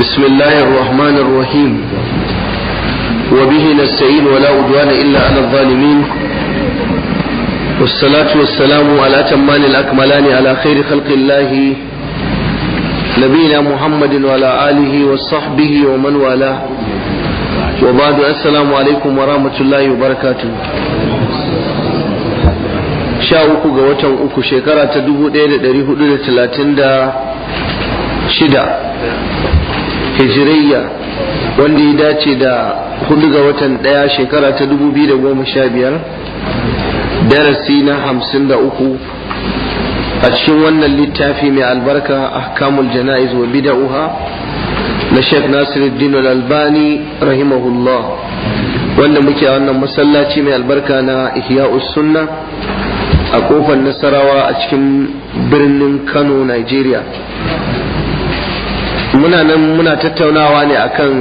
بسم الله الرحمن الرحيم وبه نستعين ولا عدوان إلا على الظالمين والصلاة والسلام على أتمان الأكملان على خير خلق الله نبينا محمد وعلى آله وصحبه ومن والاه وبعد السلام عليكم ورحمة الله وبركاته sha uku ga watan uku shekara ta dubu ɗaya da ɗari hudu da talatin da shida hijiriyya wanda ya dace da hudu ga watan daya shekara ta 2015 darasi na 53 a cikin wannan littafi mai albarka a kamul jana'iz wa bida'uha na Sheikh Nasiruddin Al-Albani rahimahullah wanda muke a wannan masallaci mai albarka na ihya Sunna a kofar Nasarawa a cikin birnin Kano Nigeria muna nan muna tattaunawa ne akan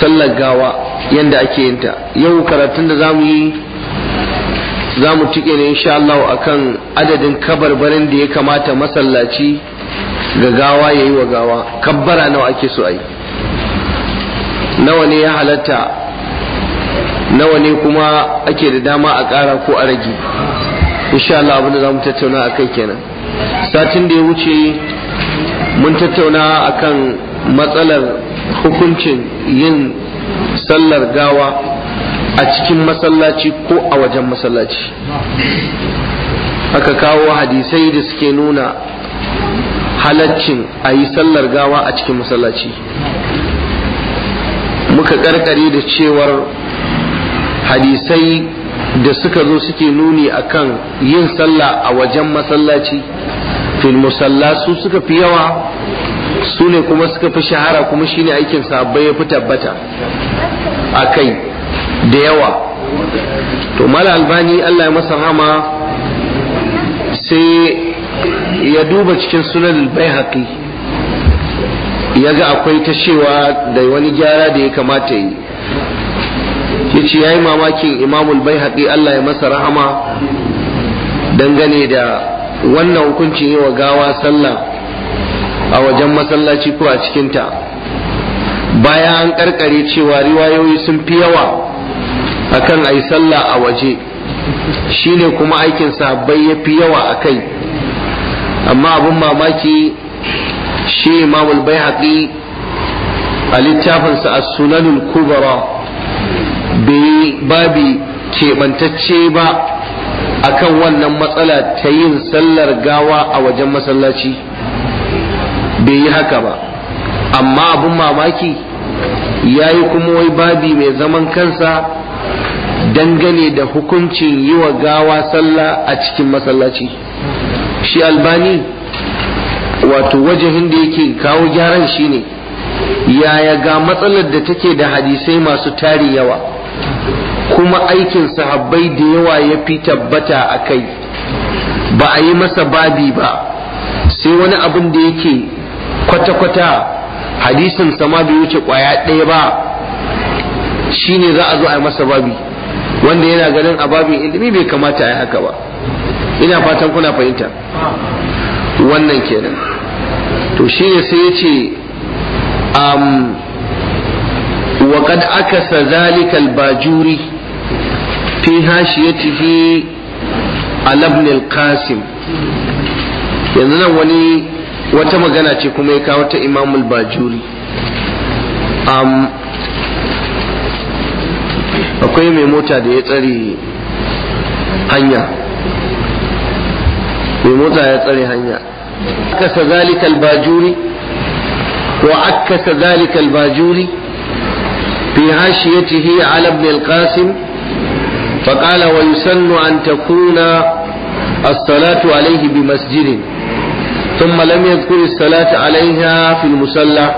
sallar gawa yadda ake yin ta yau karatun da zamu yi za tike ne insha Allah akan adadin kabarbarin da ya kamata masallaci ga gawa yayi wa gawa kabbara nawa ake so ai nawa ne ya halatta nawa ne kuma ake da dama a ƙara ko a rage insha Allah abinda za tattauna akai kenan satin da ya wuce mun tattauna akan matsalar hukuncin yin sallar gawa a cikin masallaci ko a wajen masallaci aka kawo hadisai da suke nuna halaccin a yi sallar gawa a cikin masallaci muka karkare da cewar hadisai da suka zo suke nuni akan yin sallah a wajen masallaci fil musalla su suka fi yawa su ne kuma suka fi shahara kuma shine aikin sahabbai ya fi tabbata a kai da yawa to mala albani Allah ya masa hama sai ya duba cikin sunan bai ya ga akwai ta cewa da wani gyara da ya kamata yi ya ce ya yi mamakin imamul bai Allah ya masa rahama dangane da wannan hukunci yi wa gawa sallah a wajen masallaci ko a cikinta Baya an karkare cewa riwayoyi sun fi yawa akan yi sallah a waje shine kuma aikin bai ya fi yawa a kai amma abin mamaki shi imamul bai haƙi a littafinsa a sunanin kubara bai babi keɓantacce ba akan wannan matsala ta yin sallar gawa a wajen masallaci bai yi haka ba amma abin mamaki ya yi kuma wai babi mai zaman kansa dangane da hukuncin yi wa gawa sallah a cikin masallaci shi albani wato wajen da yake kawo gyaran shine yaya ga matsalar da take da hadisai masu tari yawa kuma aikin sahabbai da yawa ya fi tabbata a kai ba a yi masa babi ba sai wani abin da yake kwata-kwata hadisin sama da wuce kwaya ɗaya ba shine za a zo a masa babi wanda yana ganin a babin ilimi bai kamata a yi haka ba ina fatan kuna fahimta wannan kenan to shine sai ya ce aka عكس ذلك juri. fi hashiyatihi ala ibn al-qasim yanzu nan wani wata magana ce kuma ya ta imam al-bajuri akwai mai mota da ya tsare hanya mai mota ya tsare hanya akasa zalika al-bajuri wa akasa zalika al-bajuri fi hashiyatihi ala ibn al-qasim فقال ويسن أن تكون الصلاة عليه بمسجد ثم لم يذكر الصلاة عليها في المصلى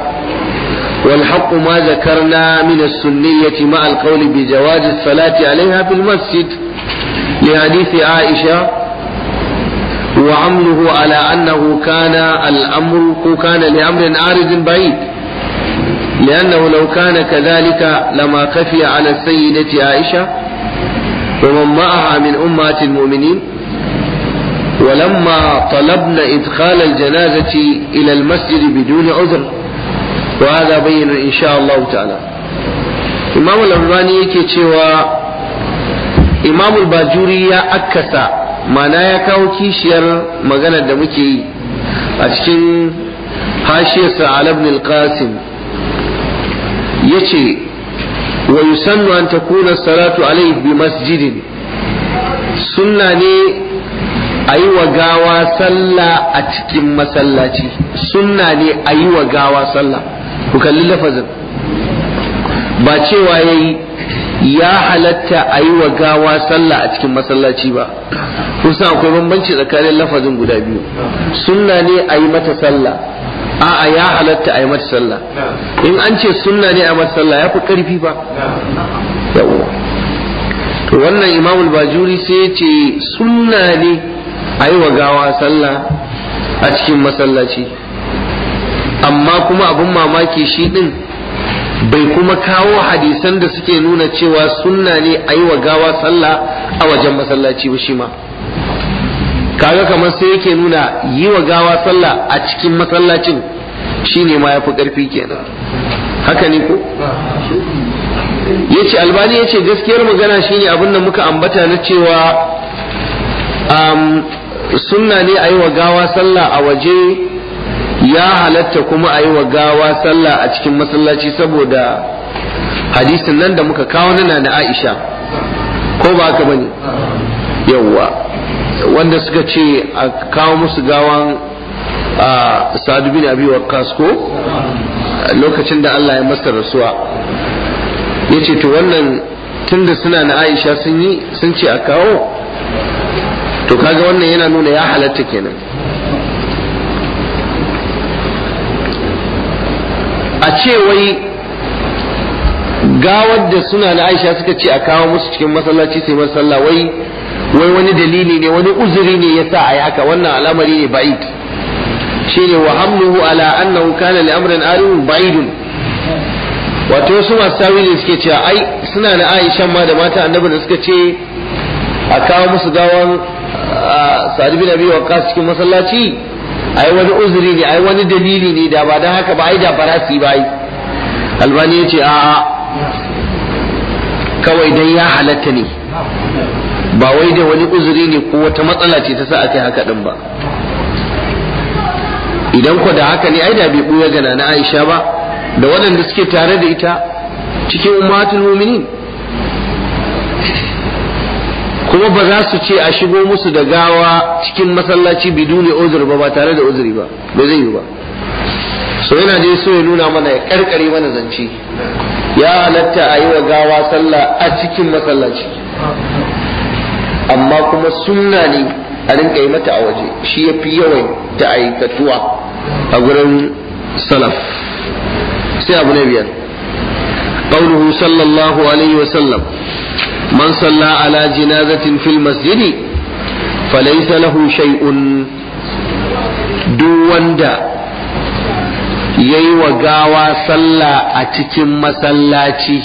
والحق ما ذكرنا من السنية مع القول بجواز الصلاة عليها في المسجد لحديث عائشة وعمله على أنه كان الأمر كان لأمر عارض بعيد لأنه لو كان كذلك لما خفي على السيدة عائشة ومن معها من أمهات المؤمنين ولما طلبنا إدخال الجنازة إلى المسجد بدون عذر وهذا بين إن شاء الله تعالى إمام الألباني كتوى إمام الباجوري ما معناه يكاو كيشير مغانا دمكي أشكين حاشية على ابن القاسم يتي wa yusannu an takuna salatu alaihi bi masjidin sunna ne a yi wa gawa sallah a cikin masallaci sunna ne a yi wa gawa sallah ku kalli lafazin ba cewa ya ya halatta a yi wa gawa sallah a cikin masallaci ba kusa akwai bambanci tsakanin lafazin guda biyu sunna ne a yi mata sallah a'a ya halatta a yi mata sallah in an ce sunna ne a mata sallah ya fi karfi ba yawa to wannan imamul bajuri sai ya ce sunna ne a yi wa gawa sallah a cikin masallaci amma kuma abin mamaki shi ɗin bai kuma kawo hadisan da suke nuna cewa sunna ne a yi wa gawa sallah a wajen masallaci ba shi ma kaga kamar sai yake nuna yi wa gawa sallah a cikin masallacin shine ma yafi karfi kenan haka ne ko yace albani yace gaskiyar magana shine abin da muka ambata na cewa um, ne a yi wa gawa sallah a waje ya halatta kuma a yi wa gawa sallah a cikin masallaci saboda hadisin nan da muka kawo nana na aisha ko ba haka bane yawwa wanda suka ce a kawo musu gawan a sa'adu bin abi waqqas ko lokacin da Allah ya masa rasuwa yace to wannan tunda suna na Aisha sun yi sun ce a kawo to kaga wannan yana nuna ya halatta kenan a ce wai gawar da suna na Aisha suka ce a kawo musu cikin masallaci sai masallaci wai wai wani dalili ne wani uzuri ne ya sa a yi haka wannan al'amari ne ba'id shi ne wa hamluhu ala annahu kana li amrin alim ba'idun wato su masu tawili suke cewa ai suna na aisha ma da mata annabi da suka ce a kawo musu gawan sa'ad bin abi waqqas cikin masallaci ai wani uzuri ne ai wani dalili ne da ba dan haka ba ai da barasi ba ai albani ya ce a'a kawai dai ya halatta ne ba wai da wani uzuri ne ko wata matsala ce ta sa aka yi haka din ba idan ko da haka ne ai da bai buya gana na Aisha ba da waɗanda suke tare da ita cikin ummatul mu'minin kuma ba za su ce a shigo musu da gawa cikin masallaci biduni uzur ba ba tare da uzuri ba ba zai yi ba so yana da so ya nuna mana ya karkare mana zance ya halatta a yi wa gawa sallah a cikin masallaci amma kuma sunna ne a rinka yi mata a waje shi ya fi yawan ta aikatuwa a gurin salaf sai abu na biyar قوله صلى الله عليه man من صلى على جنازة في المسجد فليس له duk wanda ya yi wa gawa sallah a cikin masallaci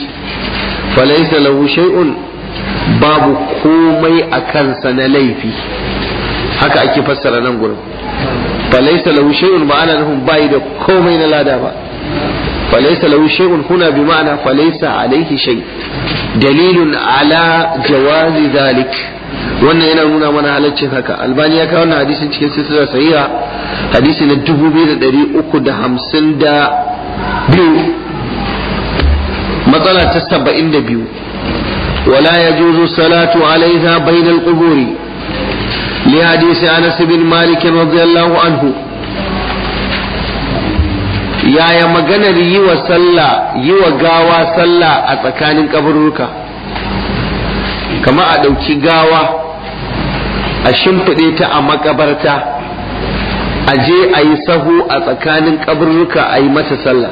falaisa lahu shay'un babu komai a kansa na laifi haka ake fassara nan gurin falaisa lahu shay'un ma'ana lahum bai da komai na lada ba falaisa lahu shay'un huna bi ma'ana falaisa alaihi shay dalilun ala jawazi zalik wannan yana nuna mana halaccin haka albani ya kawo wannan hadisin cikin silsilar sahiha hadisi na 2352 matsala ta 72 ولا يجوز الصلاة عليها بين القبور لحديث أنس بن مالك رضي الله عنه yaya maganar yi wa sallah yi gawa sallah a tsakanin kaburruka kama a ɗauki gawa a shimfiɗe ta a makabarta a je a yi sahu a tsakanin kaburruka a yi mata sallah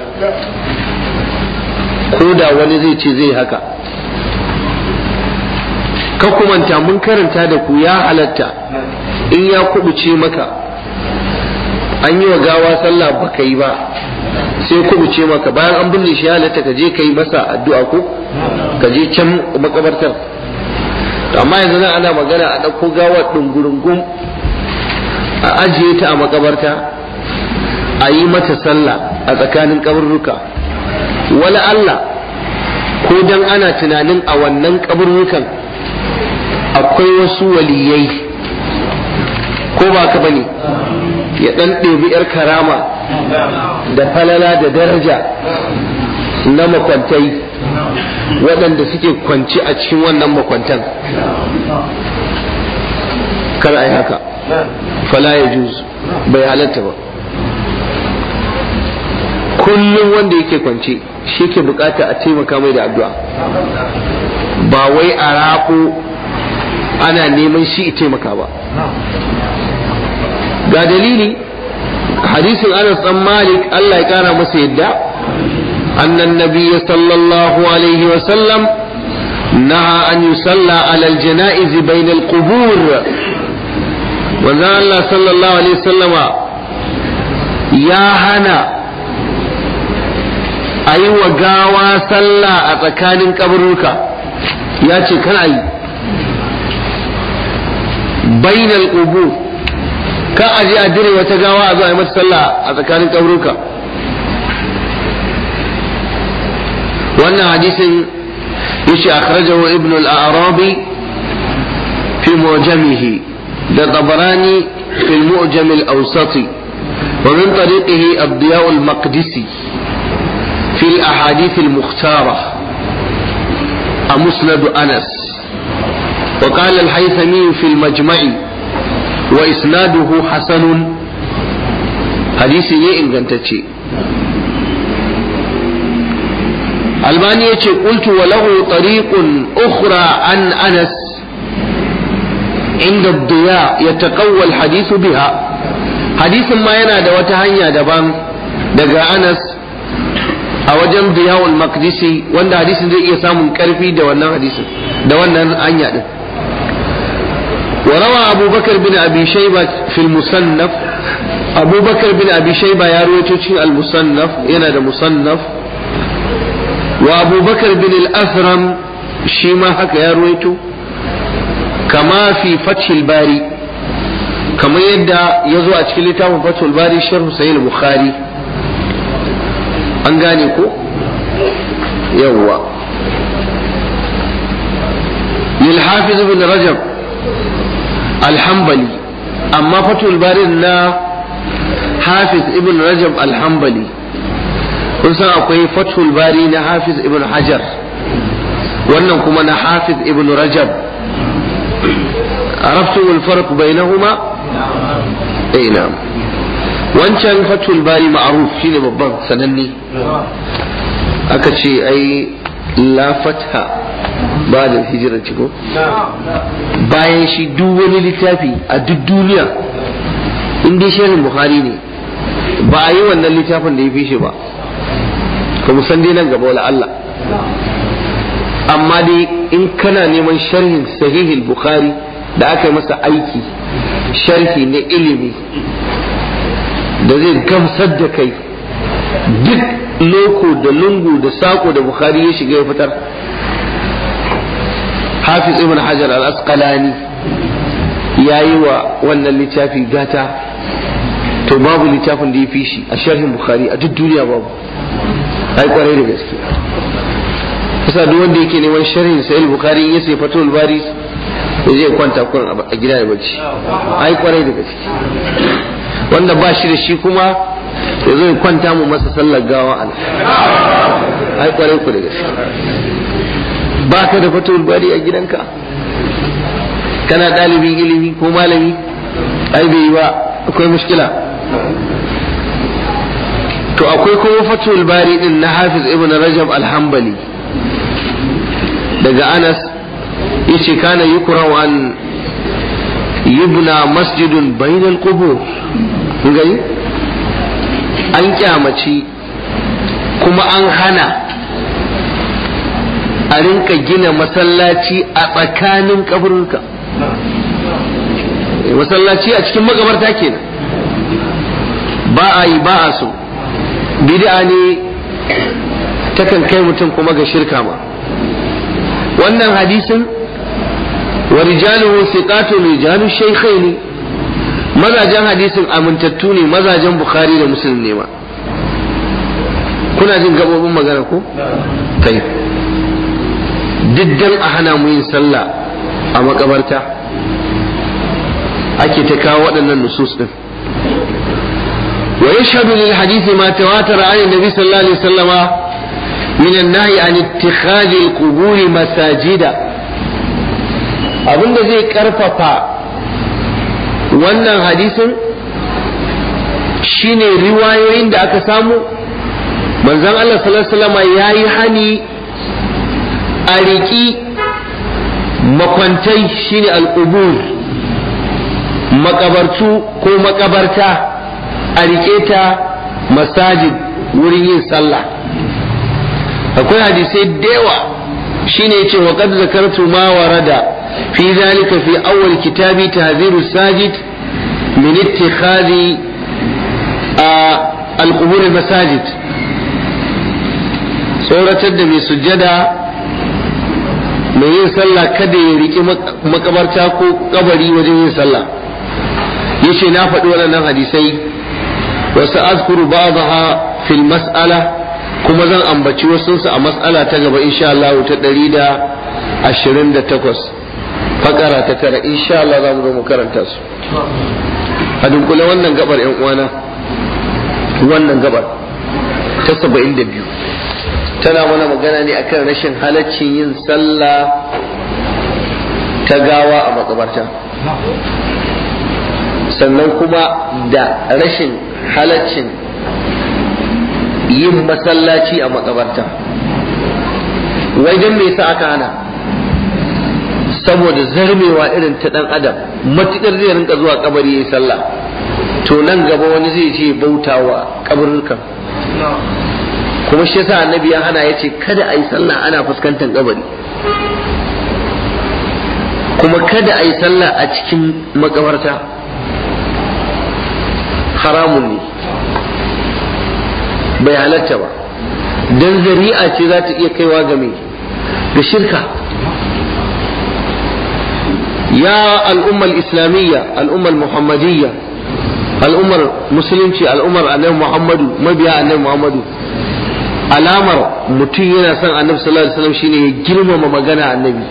ko da wani zai ce zai yi haka ka kumanta mun karanta da ku ya halatta in ya kubuce maka an yi wa gawa sallah ba ka yi ba sai kubuce maka bayan an binne shi ya halatta ka je ka yi masa addu'a ko ka je can makabartar amma yanzu nan ana magana a ɗauko gawar ɗungurungun a ajiye ta a makabarta a yi mata sallah a tsakanin kaburruka wala Allah ko dan ana tunanin a wannan kaburrukan akwai wasu waliyai ko ba ka bane ya dan ɗebi yar karama da falala da daraja na makwantai waɗanda suke kwanci a cikin wannan makwantan kar a yi haka fala ya juz bai halatta ba kullum wanda yake kwance shi ke bukata a taimaka mai da addu'a ba wai a raƙo. ana neman shi taimaka ba ga dalili hadisin anas dan malik Allah ya kara masa yadda annan nabiyyi sallallahu alaihi wa sallam نهى أن يصلى على الجنائز بين القبور وذا الله صلى الله عليه wa gawa sallah أي وقاوى صلى أتكان قبرك يا yi. bainal qubur ka aje a dire wata gawa a zo a yi mata sallah a tsakanin kaburuka wannan hadisin yace akhrajahu ibn al-arabi fi mu'jamihi da tabarani fi al-mu'jam al-awsati wa min tariqihi ad-diya' al-maqdisi fi al-ahadith al-mukhtara a musnad anas وقال الهيثمي في المجمع وإسناده حسن حديث يئن قنتتي الباني قلت وله طريق أخرى عن أنس عند الضياء يتقوى الحديث بها حديث ما ينادى وتهنيا دبان دقى أنس a wajen biyawul makdisi wanda hadisin zai iya samun karfi da wannan hadisin da wannan anya din وروى أبو بكر بن أبي شيبة في المصنف أبو بكر بن أبي شيبة يروي المصنف ينادى مصنف وأبو بكر بن الأثرم شيما حكى يروي كما في فتح الباري كما يدى يزوى أتكلتا فتح الباري شرح سيد البخاري أنغانيكو يوى للحافظ بن رجب الحنبلي أما فتح الباري البارين حافظ ابن رجب الحنبلي وسأقول أقوي فتح الباري حافظ ابن حجر وأنكم أنا حافظ ابن رجب عرفتم الفرق بينهما؟ أي نعم وان كان فتح الباري معروف شين ببان سنني أكتشي أي لا فتح ba da hijirar ciko bayan shi duk wani littafi a duk duniya in dai shehin ne ba a yi wannan littafin da ya fi shi ba ka musan dai nan gaba wala Allah amma dai in kana neman sharhin sahihin bukhari da aka yi masa aiki sharhi na ilimi da zai gamsar da kai duk loko da lungu da sako da bukhari ya shiga ya fitar hafi ibn hajar al-asqalani ya yi wa wannan littafi gata to babu littafin da ya fi shi a sharhin bukari a duk duniya babu a yi kwarai da gaske kusa duk wanda yake neman sharhin sahih bukhari ya sai fatul bari ya zai kwanta kun a gida da bacci a yi kwarai da gaske wanda ba shi da shi kuma ya zo ya kwanta mu masa sallar gawa a yi kwarai ku da gaske ba ka da fatul bari a gidanka kana ɗalibin ilimi ko malami ai bai yi ba akwai mushkila to akwai kuma fatul bari din na hafiz ibn rajab alhambali daga anas yace kana yukrahu an yibna masjidun bainal Kubo. kun gani an kyamaci kuma an hana a rinka gina masallaci a tsakanin kaburinka eh, masallaci a cikin magabarta ke ba a yi ba a so bid'a ne takan kai mutum kuma ga shirka ma wannan hadisin wa rijaluhu siqatu rijalu ne mazajen hadisin amintattu ne mazajen bukhari da muslim ne ma kuna jin gabobin magana ko tayyib diddan a hana mu yin sallah a makabarta ake ta kawo waɗannan nusus din wa yashhadu lil hadisi ma tawatara an nabi sallallahu alaihi wasallama min an-nahy an ittikhadhi al-qubur masajida abinda zai karfafa wannan hadisin shine riwayoyin da aka samu manzon Allah sallallahu alaihi wasallama yayi hani a makwantai shine al'ubur makabartu ko makabarta a riƙe ta masajid wurin yin sallah akwai hadisai dewa shine yace wa qad zakartu ma warada fi zalika fi awwal kitabi tahziru sajid min ittikhadi al-qubur masajid tsoratar da mai sujjada mai yin sallah kada ya riƙi makabarta ko kabari wajen yin sallah Ya ce na faɗi waɗannan hadisai wasu azkuru a fil mas'ala kuma zan ambaci wasu su a mas'ala ta gaba insha Allah ta takwas. fakara ta tara insha Allah za mu zo mu karanta su a dunkule wannan gabar yan uwana wannan gabar ta saba'in da biyu. tana mana magana ne akan rashin halaccin yin sallah ta gawa a makabarta sannan kuma da rashin halaccin yin masallaci a makabarta wai don me yasa aka hana saboda zarmewa irin ta dan adam matukar zai rinka zuwa kabari yayi sallah to nan gaba wani zai ce bautawa kaburukan kuma shi yasa annabi ya hana yace kada a yi sallah ana fuskantar kabari kuma kada a yi sallah a cikin makabarta haramun ne bai halatta ba don zari'a ce za ta iya kaiwa game da shirka ya al'ummar islamiyya al'ummar muhammadiyya al'ummar musulunci al'ummar annabi muhammadu mabiya annabi muhammadu alamar mutum yana son annabi sallallahu alaihi wasallam shine ya girmama magana annabi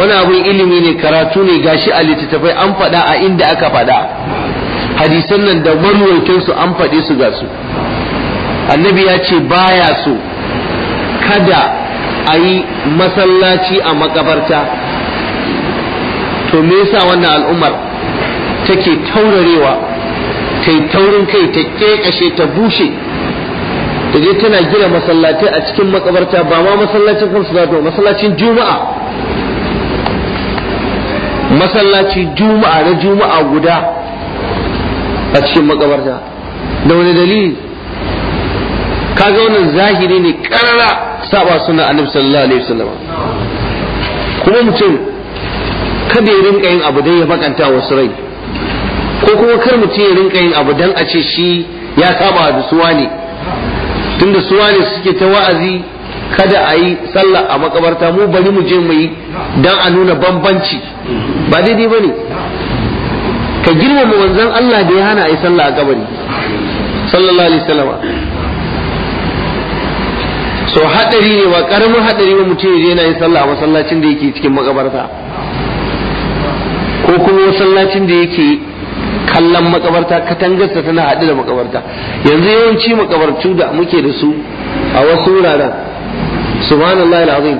wani abu ilimi ne karatu ne gashi a littattafai an faɗa a inda aka faɗa hadisan nan da marwaitan su an faɗe su ga su annabi ya ce baya so kada a yi masallaci a makabarta to me yasa wannan al'ummar take taurarewa ta yi taurin kai ta kekashe ta bushe da je tana gina masallatai a cikin makabarta ba ma masallacin kansu za masallacin juma'a masallaci juma'a na juma'a guda a cikin makabarta da wani dalili kaga wannan zahiri ne karara saba suna annabi sallallahu alaihi wasallam kuma mutum kada ya rinka yin abu dai ya bakanta wasu rai ko kuma kar mutum ya rinka yin abu dan a ce shi ya saba da suwa ne tunda suwa ne suke ta wa'azi kada a yi sallah a makabarta mu bari mu je mu yi dan a nuna bambanci ba daidai ba ne ka girmama wanzan Allah da ya hana a yi sallah a kabari sallallahu alaihi wasallam so hadari ne ba karamin hadari ba mutum ya je yana yin sallah a masallacin da yake cikin makabarta ko kuma masallacin da yake kallon makabarta katangarsa tana haɗu da makabarta yanzu yawanci makabartu da muke da su a wasu wuraren subhanallah alazim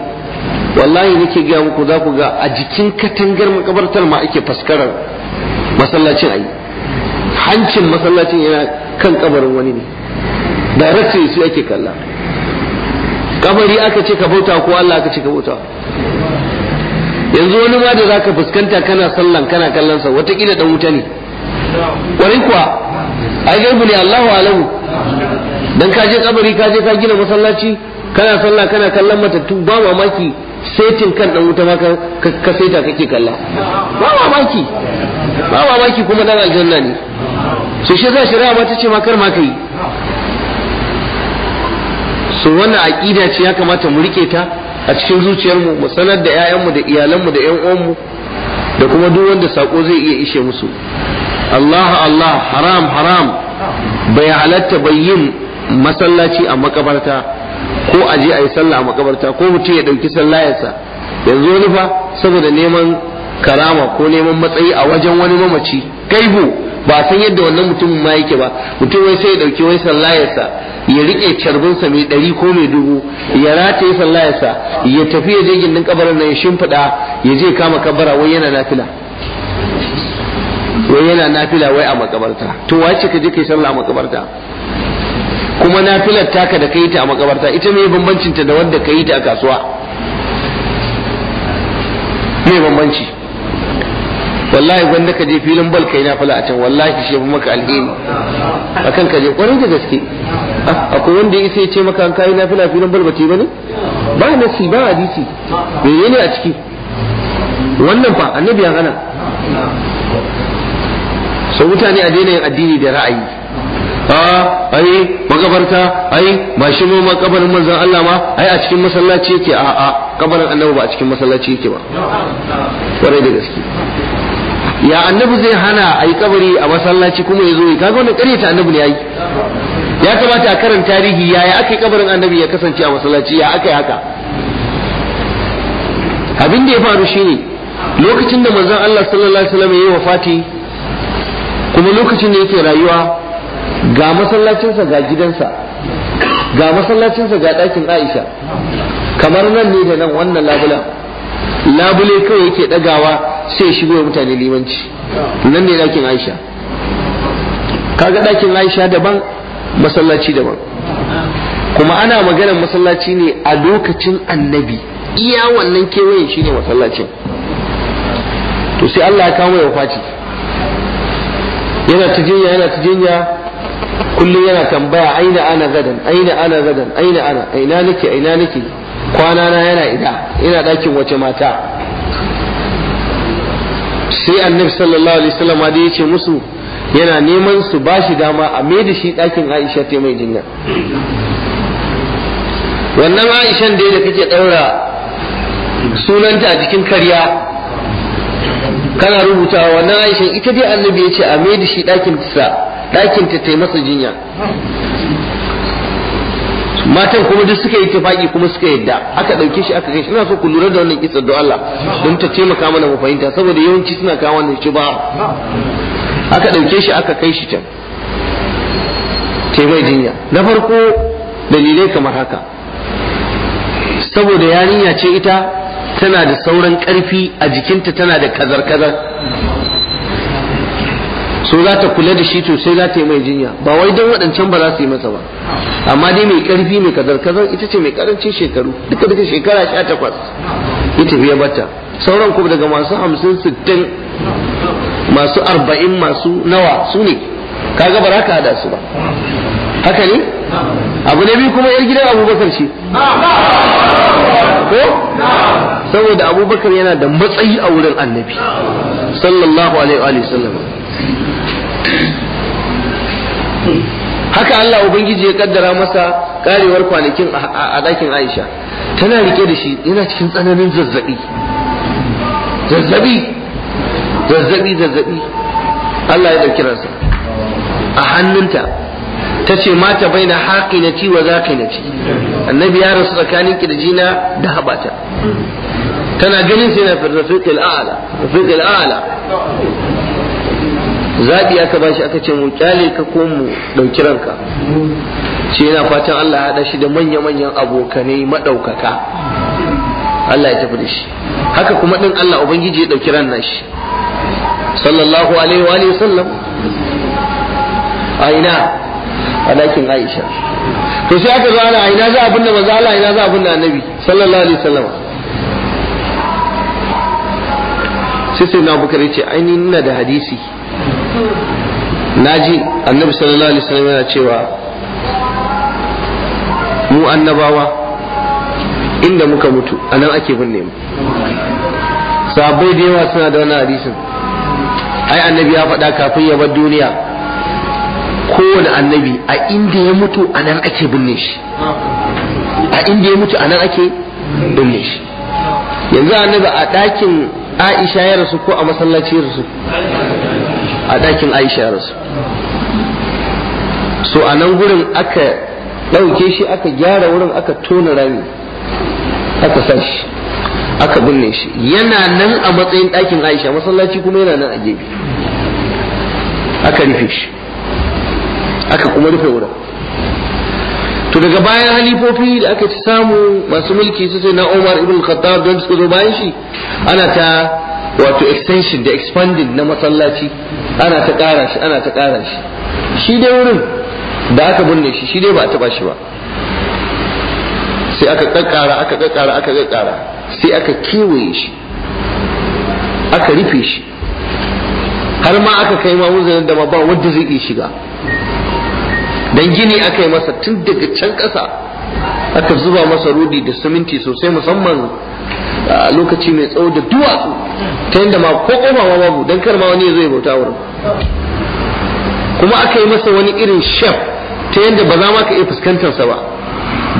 wallahi nake gaya muku za ku ga a jikin katangar makabartar ma ake faskarar masallacin ayi hancin masallacin yana kan kabarin wani ne da rasu su ake kalla kabari aka ce ka bauta ko Allah aka ce ka bauta yanzu wani ma da zaka fuskanta kana sallan kana kallon sa watakila dan wuta ne kwarai kuwa ai gaibu ne Allahu alamu dan ka je kabari ka je ka gina masallaci kana sallah kana kallon matattu ba mamaki setin kan dan wuta maka ka seta kake kalla ba mamaki ba mamaki kuma dan aljanna ne so shi za shari'a ba ta ce ma kar ma kai Su wannan aqida ce ya kamata mu rike ta a cikin zuciyarmu mu sanar da 'ya'yanmu da iyalanmu da 'yan da kuma duk wanda sako zai iya ishe musu Allah Allah haram haram bai halarta bai masallaci a makabarta ko a je a yi sallah a makabarta ko mutum ya ɗauki sallayarsa yanzu wani fa saboda neman karama ko neman matsayi a wajen wani mamaci gaibu ba san yadda wannan mutum ma yake ba mutum wai sai ya ɗauki wai sallayarsa ya riƙe carbinsa mai ɗari ko mai dubu ya rataye sallayarsa ya tafi ya je gindin kabarin nan ya shimfiɗa ya je kama kabara wai yana nafila wai yana nafila wai a makabarta to wace ka je kai sallah a makabarta kuma nafilar taka da kai ta a makabarta ita me bambancin ta da wanda kai ta a kasuwa me bambanci wallahi wanda ka je filin bal kai nafila a can wallahi shi maka alheri akan ka je kwarai da gaske ah, akwai wanda ya ce maka an kai nafila filin bal bace bane ba nasi ba hadisi menene a ciki wannan fa annabi ya gana so mutane a daina yin addini da ra'ayi a ai makabarta ai ba shi mu makabarin manzon Allah ma ai a cikin masallaci yake a a kabarin annabi ba a cikin masallaci yake ba kwarai da gaske ya annabi zai hana a yi kabari a masallaci kuma ya zo yi kaga wani ƙaryata annabi ne ya yi ya kamata a karin tarihi yaya aka yi kabarin annabi ya kasance a masallaci ya aka yi haka abin da ya faru shine lokacin da manzon Allah sallallahu alaihi wasallam ya yi wafati kuma lokacin da yake rayuwa ga masallacinsa ga gidansa ga masallacinsa ga ɗakin aisha kamar nan ne da nan wannan labulan labule kawai yake ɗagawa sai shigo da mutane limanci nan ne ɗakin aisha kaga ɗakin aisha daban masallaci daban kuma ana maganar masallaci ne a lokacin annabi iya wannan kewayen shine masallacin to sai Allah ya kawo ya Fati. yana tijinya yana tijinya kullum yana tambaya aina ana gadan aina ana gadan aina ana aina nake aina nake kwana na yana ida ina dakin wace mata sai annabi sallallahu alaihi wasallam da yace musu yana neman su ba shi dama a me da shi dakin Aisha ta mai jinna wannan Aishan da kake daura sunanta a jikin karya kana rubutawa wannan Aisha ita dai annabi ya ce a mai da shi ɗakin tisa ɗakin ta ta masa jinya matan kuma duk suka yi tafaki kuma suka yadda aka ɗauke shi aka kai shi ina so ku lura da wannan kisar don Allah don ta taimaka mana mu fahimta saboda yawanci suna kawo wannan shi ba aka ɗauke shi aka kai shi can taimai jinya na farko dalilai kamar haka saboda yarinya ce ita tana da sauran ƙarfi a jikinta tana da kazar-kazar so za ta kula da shi to sai za ta yi mai jinya ba wai don waɗancan ba za su yi masa ba amma dai mai ƙarfi mai kazar-kazar ita ce mai ƙarancin shekaru duka duka shekara sha takwas ya tafi ya bata sauran kuma daga masu hamsin sittin masu arba'in masu nawa su ne kaga ba za ka hada su ba haka ne abu na biyu kuma yar gidan abubakar ce ko saboda abubakar yana da matsayi a wurin annabi sallallahu alaihi wa sallam haka Allah ubangiji ya kaddara masa karewar kwanakin a ɗakin Aisha tana rike da shi yana cikin tsananin zazzabi zazzabi zazzabi zazzabi Allah ya ɗauki ransa a hannunta ta ce mata bai na haƙi na ci wa zaƙi na ci annabi ya rasu tsakanin kirjina da haɓata tana ganin sai na firrafiƙil a'ala rafiƙil a'ala zaɓi aka bashi aka ce mu ƙyale ka ko mu ɗauki ranka ce yana fatan Allah haɗa shi da manya-manyan abokanai maɗaukaka Allah ya tafi da shi haka kuma ɗin Allah Ubangiji ya ɗauki ran shi sallallahu alaihi wa sallam a ina a Aisha to sai aka zo ana ina za a binne manzo Allah ina za a binne annabi sallallahu alaihi wasallam sai sai na bukari ce aini ina da hadisi naji annabi sallallahu alaihi wasallam yana cewa mu annabawa inda muka mutu anan ake binne mu Sabai da yawa suna da wannan hadisin ai annabi ya faɗa kafin ya bar duniya kowane annabi a inda ya mutu a nan ake binne shi a inda ya mutu a nan ake binne shi yanzu annabi a ɗakin aisha ya rasu ko a masallaci ya rasu a ɗakin aisha ya rasu so a nan gurin aka ɗauke shi aka gyara wurin aka tona rami aka sa shi aka binne shi yana nan a matsayin ɗakin aisha masallaci kuma yana nan a gefe aka rufe shi aka kuma rufe wurin to daga bayan halifofi da aka ci samu masu mulki su sai na Umar ibn Khattab don suka zo bayan shi ana ta wato extension da expanding na masallaci ana ta ƙara shi ana ta ƙara shi shi dai wurin da aka binne shi shi dai ba a taba shi ba sai aka kakkara aka kakkara aka kakkara sai aka kewaye shi aka rufe shi har ma aka kai ma wuzarin da ma ba wanda zai iya shiga dan gini aka yi masa tun daga can ƙasa aka zuba masa rudi da siminti sosai musamman lokaci mai tsawo da duwatsu ta yadda ma ko koma ma babu dan kar ma wani ya zo ya bauta wurin kuma aka yi masa wani irin shef ta yadda ba za ma ka iya fuskantarsa ba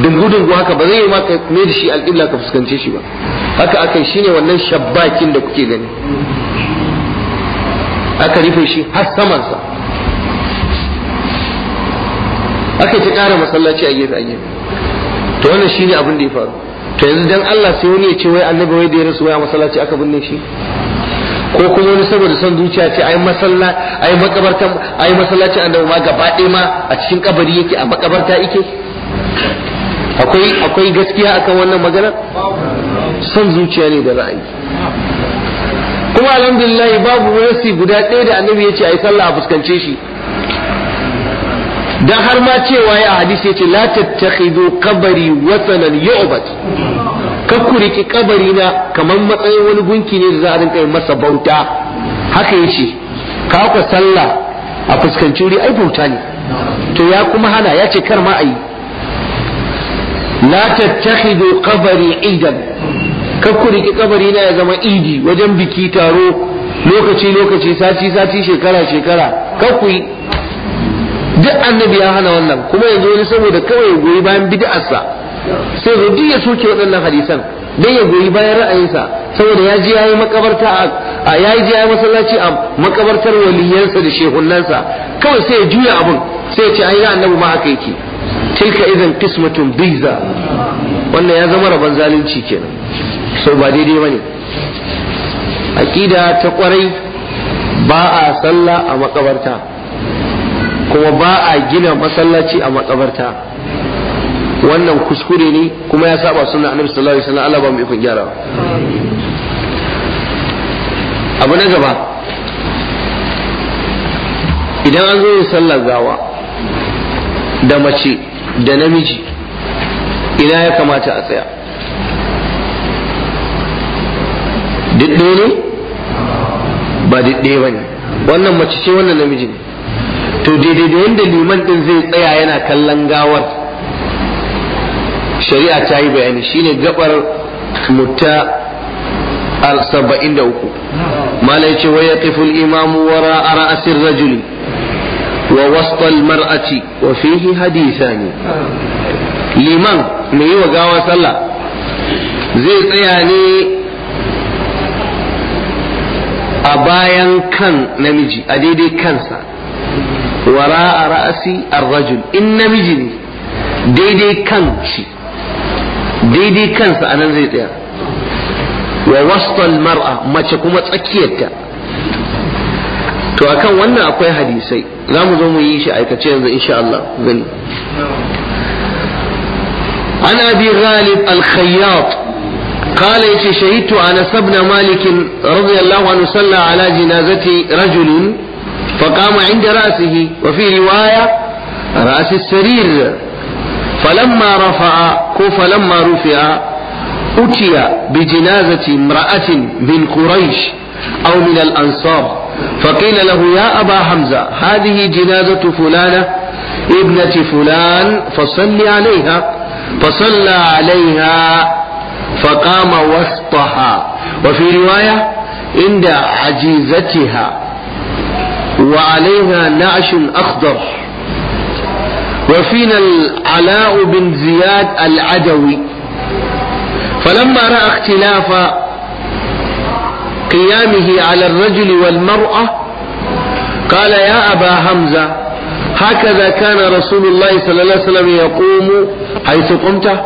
dungu-dungu haka ba zai yi ma ka mai da shi alƙibla ka fuskance shi ba haka aka yi shine wannan shabbakin da kuke gani aka rufe shi har samansa aka ta ƙara masallaci a gefe a gefe to wannan shine abin da ya faru to yanzu dan Allah sai wani ya ce wai annabi wai da ya rasu wai a masallaci aka binne shi ko kuma wani saboda son zuciya ce ai masalla ai makabarta ai masallaci annabi ma gaba ɗaya ma a cikin kabari yake a makabarta yake akwai akwai gaskiya akan wannan magana son zuciya ne da ra'ayi kuma alhamdulillah babu wasi guda ɗaya da annabi ya ce ai sallah a fuskance shi dan har ma cewa ya hadisi yace la tattakhidu qabri wasanan yu'bad kabari na kamar matsayin wani gunki ne da za a rinka yin masa bauta haka yace ka ku sallah a fuskanci wuri ai bauta ne to ya kuma hana ya ce kar ma ayi la tattakhidu qabri idan kakkuri kabari na ya zama idi wajen biki taro lokaci lokaci sati sati shekara shekara kakkuyi duk annabi ya hana wannan kuma yanzu wani saboda kawai ya goyi bayan bid'arsa sai zo duk ya soke waɗannan hadisan dan ya goyi bayan ra'ayinsa saboda ya ji yayi makabarta a yayi ji yayi masallaci a makabartar waliyansa da shehunnansa kawai sai ya juya abun sai ya ce ai annabi ma haka yake tilka idan qismatun biza wannan ya zama rabon zalunci kenan so ba daidai bane aqida ta kwarai ba a sallah a makabarta kuma ba a gina masallaci a makabarta wannan kuskure ne kuma ya saba suna annabi sallallahu alaihi wasallam Allah ba mu ikon gyarawa abu na gaba idan an zo yin sallar gawa da mace da namiji ina ya kamata a tsaya diddo ne ba didde ba ne wannan mace ce wannan namiji ne to daidai da yadda liman din zai tsaya yana kallon gawar shari'a ta yi bayani shine gabar mutta saba'in da uku malai ce waya yaqifu al-imamu wara ra'asin rajuli wa wasta mar'aci wa fihi ne liman mu yi wa gawa sallah zai tsaya ne a bayan kan namiji a daidai kansa وراء رأسي الرجل إن مجني ديدي كنشي ديدي كنس أنا زيت يا ووسط المرأة ما تكون تأكيدك تو akan وانا أقوي حديثي لا mu zo أي كتير إن شاء الله من Allah أبي غالب الخياط ghalib al قال شهدت أنس بن مالك رضي الله عنه صلى على جنازة رجل فقام عند رأسه وفي رواية رأس السرير فلما رفع فلما رفع أتي بجنازة امرأة من قريش أو من الأنصار فقيل له يا أبا حمزة هذه جنازة فلانة ابنة فلان فصل عليها فصلى عليها فقام وسطها وفي رواية عند عجيزتها وعليها نعش أخضر وفينا العلاء بن زياد العدوي فلما رأى اختلاف قيامه على الرجل والمرأة قال يا أبا حمزة هكذا كان رسول الله صلى الله عليه وسلم يقوم حيث قمت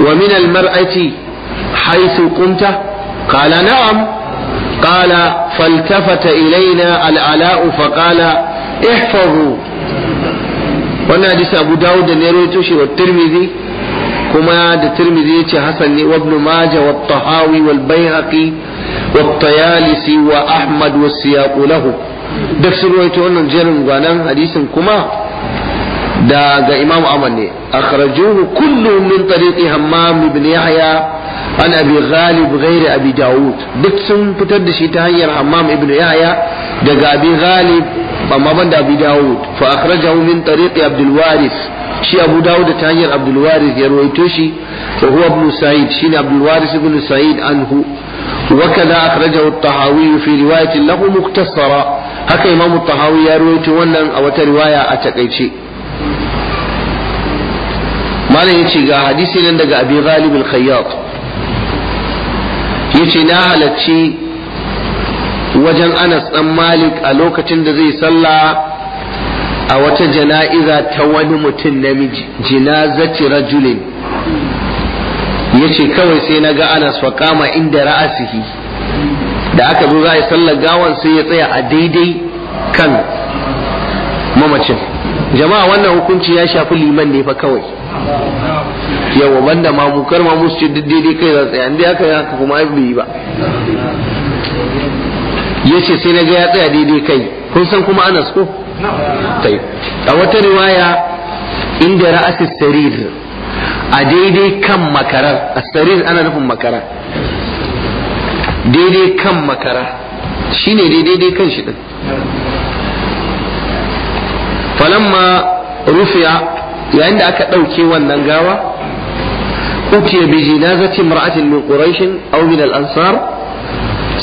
ومن المرأة حيث قمت قال نعم قال فالتفت إلينا العلاء فقال احفظوا وانا حديث أبو داود نيرويتوشي والترمذي كما دا ترمذي حسن وابن ماجة والطحاوي والبيهقي والطيالسي وأحمد والسياق له duk sun ruwaito wannan jerin gwanan hadisin kuma da ga imam amal ne akhrajuhu kullu min tariqi hammam ibn yahya an abi ghalib ghairi abi daud duk sun fitar da shi ta hanyar hammam ibnu yaya daga abi ghalib ba ma banda abi daud fa akhrajahu min tariq abd al-waris shi abu daud ta hanyar abd ya rawaito shi fa huwa ibn sa'id shi ne abd al-waris ibn sa'id anhu wa kada akhrajahu at-tahawi fi riwayatin lahu muktasara haka yi at-tahawi ya rawaito wannan a wata riwaya a takaice malai yace ga hadisi nan daga abi ghalib al yace na halarci wajen Anas dan Malik a lokacin da zai sallah a wata jana'iza ta wani mutum namiji jinazati rajulin yace kawai sai na ga Anas fa kama inda ra'asihi da aka zo za a yi sallar gawan sai ya tsaya a daidai kan mamacin jama'a wannan hukunci ya shafi liman ne fa kawai yawa banda ma mu kar ma musu daidai kai za tsaya inda aka yi haka kuma ai bai yi ba yace sai na ga ya tsaya daidai kai kun san kuma Anas ko tai a wata riwaya inda ra'asis sarir a daidai kan makarar a sarir ana nufin makara daidai kan makara shine daidai kan shi din falamma rufiya yayin da aka ɗauke wannan gawa uke bi jinazati imra'atin min quraish aw min al-ansar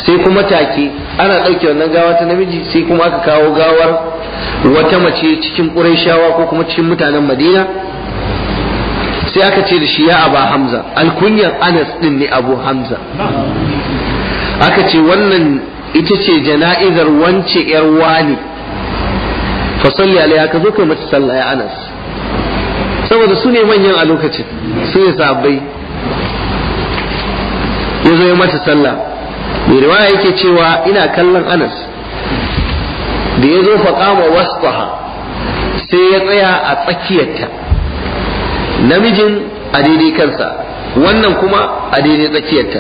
sai kuma take ana ɗauke wannan gawa ta namiji sai kuma aka kawo gawar wata mace cikin qurayshawa ko kuma cikin mutanen madina sai aka ce da shi ya aba hamza alkunyar anas din ne abu hamza aka ce wannan ita ce jana'izar wance yar wani fa salli ka zo kai mata sallah ya anas saboda su ne manyan a lokacin su ne sabbai ya zo ya mata sallah mai riwaya yake cewa ina kallon anas da ya zo faƙama wasfaha sai ya tsaya a tsakiyarta namijin a daidai kansa wannan kuma a daidai tsakiyarta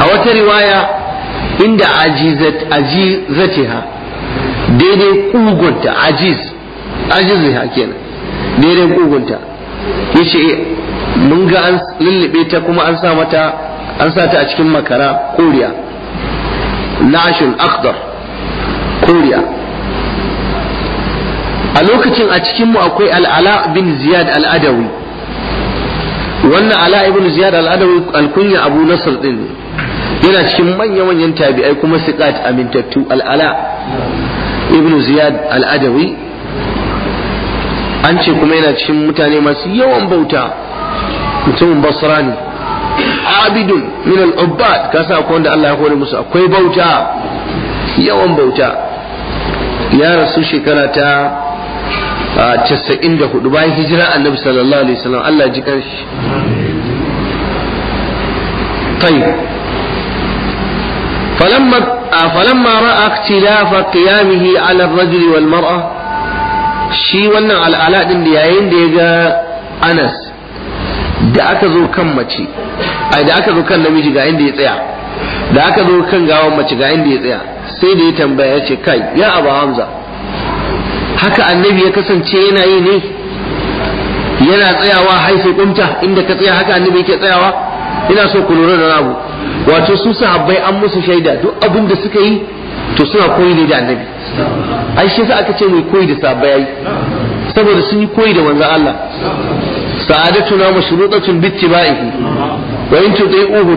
a wata riwaya inda ajizatiha daidai kugunta ajiz ajiziha kenan daidai kugunta yace eh, mun ga an lullube ta kuma an sa mata an sa ta a cikin makara koriya ashirin akhdar koriya a lokacin a cikinmu akwai al'ala bin ziyad al'adawi wannan ala ibn ziyad al'adawi alkunya abu nasar din yana cikin manya-manyan tabi'ai kuma siqat amintattu al'ala ibn ziyad al'adawi an ce kuma yana cikin mutane masu yawan bauta mutumin basra ne abidun min al-ubbad ka sa akwai wanda Allah ya kore musu akwai bauta yawan bauta ya rasu shekara ta casa'in da hudu bayan hijira annabi sallallahu alaihi wasallam Allah ji kanshi طيب فلما فلما راى اختلاف قيامه على الرجل mara. shi wannan al'ala din da yayin da ya ga anas da aka zo kan mace ai da aka zo kan namiji ga inda ya tsaya da aka zo kan gawan mace ga inda ya tsaya sai da ya tambaya ya ce kai ya abu hamza haka annabi ya kasance yana yi ne yana tsayawa har inda ka tsaya haka annabi yake tsayawa ina so ku lura da abu wato su sahabbai an musu shaida duk abin da suka yi to suna koyi ne da annabi ai shi aka ce mai koyi da sabai saboda sun yi koyi da manzon Allah sa'adatuna mashrutatun bittiba'ihi wa in tuti'uhu ko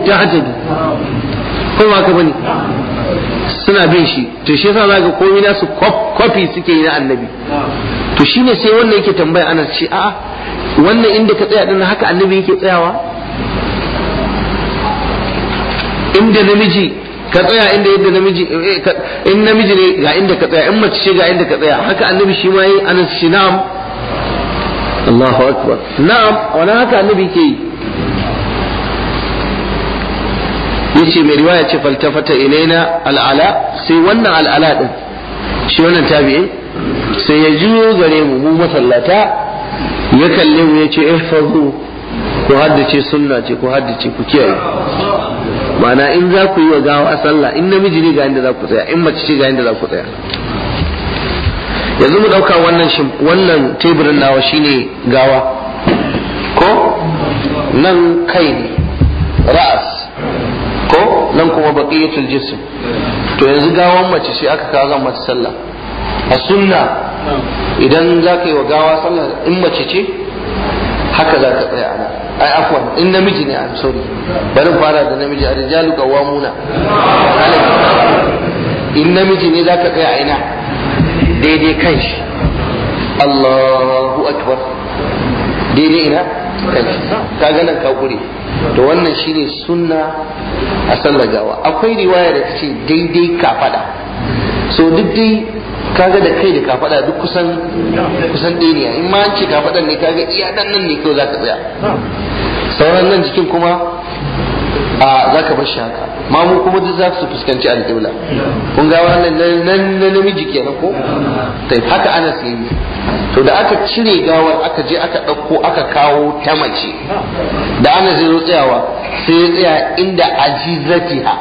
kuma ka bani suna bin shi to shi yasa zaka komai su kofi suke yi na annabi to shine sai wannan yake tambaya ana ce a'a wannan inda ka tsaya din haka annabi yake tsayawa inda namiji ka tsaya inda yadda namiji eh, in namiji ne ga inda ka tsaya in mace ce ga inda ka tsaya haka annabi shi ma yi anas shi na'am Allahu akbar na'am wani haka annabi ke yi yace mai riwaya ce faltafata ilaina al'ala sai wannan al'ala din shi wannan tabi'in sai ya juyo gare mu mu masallata ya kalle mu yace ihfazu ku haddace sunna ce ku haddace ku kiyaye ma'ana in za ku yi wa gawa sallah in namiji ne ga inda za ku tsaya in mace ce ga inda za ku tsaya yanzu mu ɗauka wannan wannan teburin nawa shine gawa ko nan kai ne ra'as ko nan kuma baqiyatul jism to yanzu gawan mace shi aka kawo zan mace sallah a sunna idan za ka yi wa gawa sallah in mace ce haka za ka tsaya ana ai afwan in namiji ne an sori bari fara da namiji a rijalu wamuna in namiji ne za ka tsaya a ina daidai kan shi Allahu akbar daidai ina kan shi ka ganin ka kure to wannan shine sunna a sallar gawa akwai riwaya da ta ce daidai ka fada so duk dai kaga da kai da kafada duk kusan kusan ɗaya ne in ma an ce kafadan ne kaga iya dan nan ne kawai zaka tsaya sauran nan jikin kuma a zaka bar shi haka mamu kuma duk za su fuskanci alƙibla kun ga wannan nan na namiji kenan ko tai haka ana sai to da aka cire gawar aka je aka ɗauko aka kawo ta mace da ana zai zo tsayawa sai ya tsaya inda ajizatiha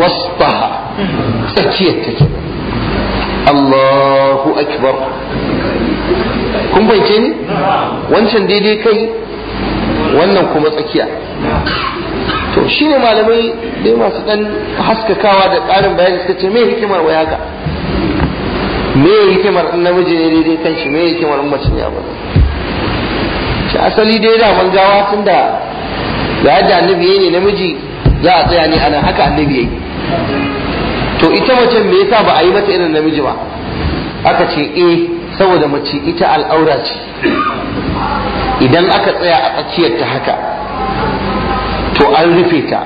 wasfaha tsakiyar take Allahu akbar kun fahimce ni wancan daidai kai wannan kuma tsakiya to shi ne malamai dai masu dan haskakawa da ƙarin bayani suka ce me hikimar waya haka me hikimar namiji ne daidai kan shi me hikimar mace ne a shi asali dai da mangawa tun da ga yadda annabi ne namiji za a tsaya ne ana haka annabi yi to ita mace me yasa ba a yi mata irin namiji ba aka ce eh saboda mace ita al'aura ce idan aka tsaya a tsakiyar ta haka to an rufe ta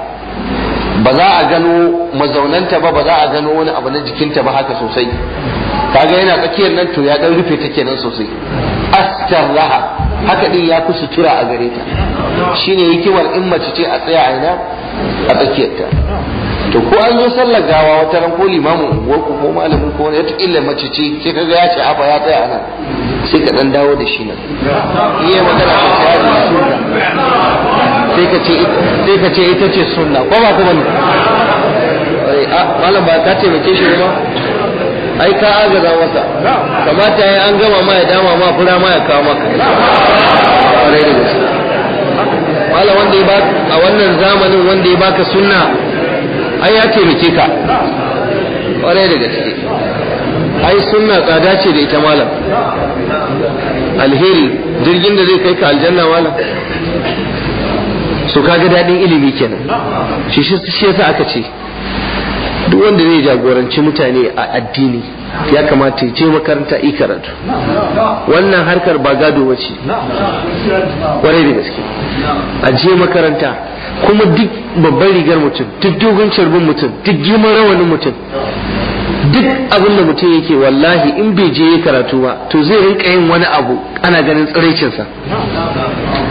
ba za a gano mazaunanta ba ba za a gano wani abu na jikinta ba haka sosai kaga yana tsakiyar nan to ya dan rufe ta kenan sosai laha haka din ya kusa tura a gare ta shine hikimar in mace ce a tsaya a ina a tsakiyar ta to ko an zo sallar gawa wata ran ko limamu ko ko malamin ko wani illa mace ce ke kaga ya ce haba ya tsaya nan sai ka dan dawo da shi nan iya magana ta ce sunna sai ka ce sai ka ce ita ce sunna ko ba ba ne eh, malam ba ka mace shi ba ai ka agaza masa kamata ya an gama ma ya dama ma fura ma ya kawo maka malam wanda ya ba a wannan zamanin wanda ya baka sunna ai ya taimake ka kwarai da gaske ai sunna tsada ce da ita malam alheri jirgin da zai kai ka aljanna malam su kaga daɗin ilimi kenan shi shi yasa aka ce duk wanda zai jagoranci mutane a addini ya kamata ce makaranta i karatu wannan harkar ba gado wace da gaske a je makaranta kuma duk babban rigar mutum duk dogon carbin mutum duk girman rawanin mutum duk abin da mutum yake wallahi in bai je ya karatu ba to zai rinka yin wani abu ana ganin tsiraicinsa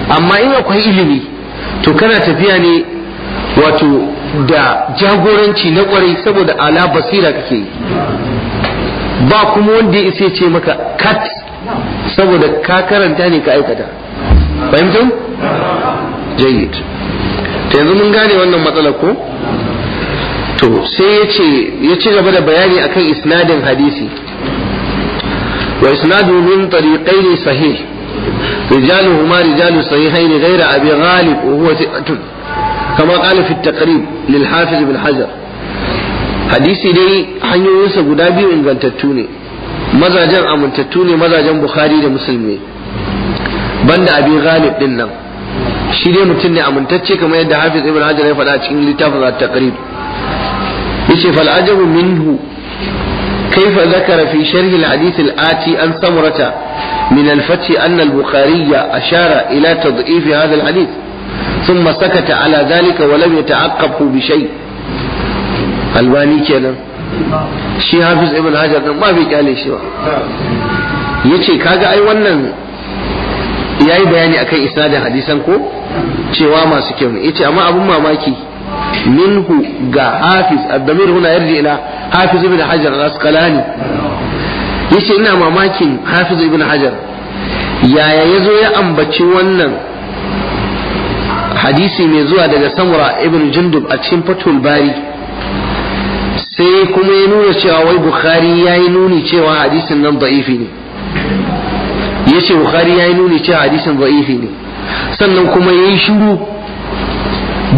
amma in akwai ilimi to kana tafiya ne wato da jagoranci na kwarai saboda ala basira kake yi ba kuma wanda ya isa ce maka kat saboda ka karanta ne ka aikata fahimtun? jayyid ta yanzu mun gane wannan matsalar ko to sai ya ce ci gaba da bayani akan isnadin hadisi wa isnadu min tariqaini sahih rijaluhuma rijalu sahihaini haini abi ghalib wa huwa thiqatun كما قال في التقريب للحافظ بن حجر حديثي دي حنيو يوسف قدابي وإن كان تتوني ماذا جن تتوني ماذا جن بخاري لمسلمي بند أبي غالب لنا شيري متني أمن كما يد حافظ ابن حجر يفعل أتشين لتفضل التقريب يشي فالعجب منه كيف ذكر في شرح الحديث الآتي أن ثمرة من الفتح أن البخاري أشار إلى تضعيف هذا الحديث ثم سكت على ذلك ولم يتعقبه بشيء albani kenan shi hafiz ibn hajar din ba bai kyale shi ba yace kaga ai wannan yayi bayani akan isnadin hadisan ko cewa masu kyau ne yace amma abun mamaki minhu ga hafiz ad-damir huna yarji ila hafiz ibn hajar al-asqalani yace ina mamakin hafiz ibn hajar yaya yazo ya ambaci wannan hadisi mai zuwa daga samura ibn jindub a cikin fatul bari sai kuma ya nuna cewa wai bukhari ya yi nuni cewa hadisin nan da'ifi ne ya ce bukhari ya yi nuni cewa hadisin da'ifi ne sannan kuma ya yi shiru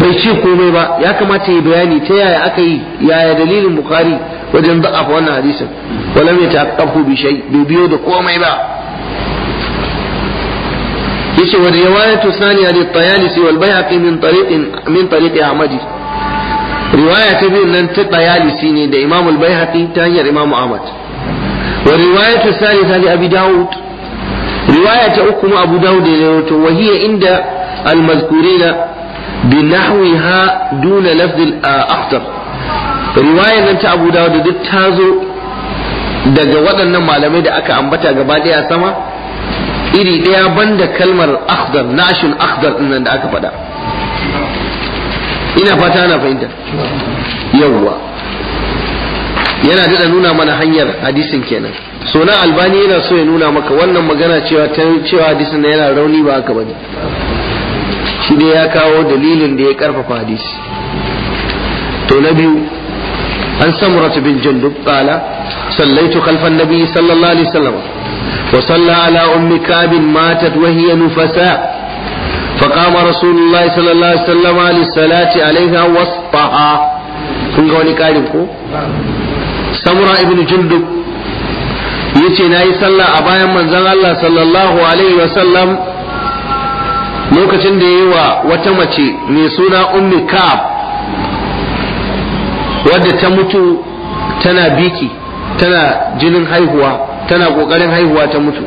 bai ce komai ba ya kamata ya bayani ta yaya aka yi yaya dalilin bukhari wajen da'afa wannan hadisin wala mai ta bi biyo da komai ba yace wa riwayatu thaniya li tayalisi wal bayhaqi min tariq min tariq ahmad riwaya ta biyu nan ne da imam al ta hanyar imam ahmad wa riwayatu thalitha li abi daud riwaya ta uku abu daud ne wato wa hiya inda al duna riwaya ta abu daud ta zo daga waɗannan malamai da aka ambata gaba ɗaya sama iri ɗaya banda kalmar akhdar nashin akhdar din nan da aka faɗa ina fata ana fahimta yawwa yana daɗa nuna mana hanyar hadisin kenan so na albani yana so ya nuna maka wannan magana cewa ta cewa hadisin na yana rauni ba haka bane shi dai ya kawo dalilin da ya karfafa hadisi to na biyu an samu bin jandub qala sallaitu khalfan nabi sallallahu alaihi wasallam وصلى على أم كعب ماتت وهي نفساء فقام رسول الله صلى الله عليه وسلم للصلاة عليها وسطها kun ga wani ƙarin ko? samura ibn jundub ya ce na yi sallah a bayan manzan Allah sallallahu alaihi lokacin da ya yi wa wata mace mai suna ummi ka'ab wadda ta mutu tana biki tana jinin haihuwa tana kokarin haihuwa ta mutu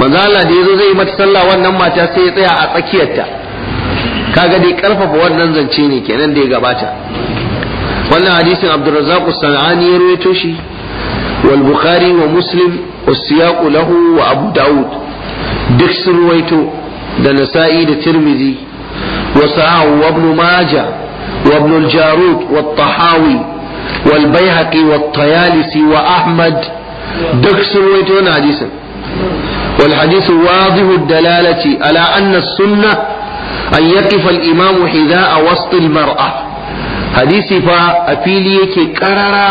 manzo Allah da yazo zai mata sallah wannan mata sai ya tsaya a tsakiyarta kaga dai karfafa wannan zance ne kenan da ya gabata wannan hadisin Abdurrazzaq as-Sanani ya rawaito shi wal Bukhari wa Muslim da'ud duk sun داود دكس da ده نسائي ده wa وسعه وابن ماجه وابن الجارود والطحاوي wal baihaqi wa tayalisi wa ahmad duk sun rawaito wannan hadisin wal hadisu wadihu dalalati ala anna sunnah an yaqifa al imamu hidaa wast al mar'a hadisi fa a fili yake karara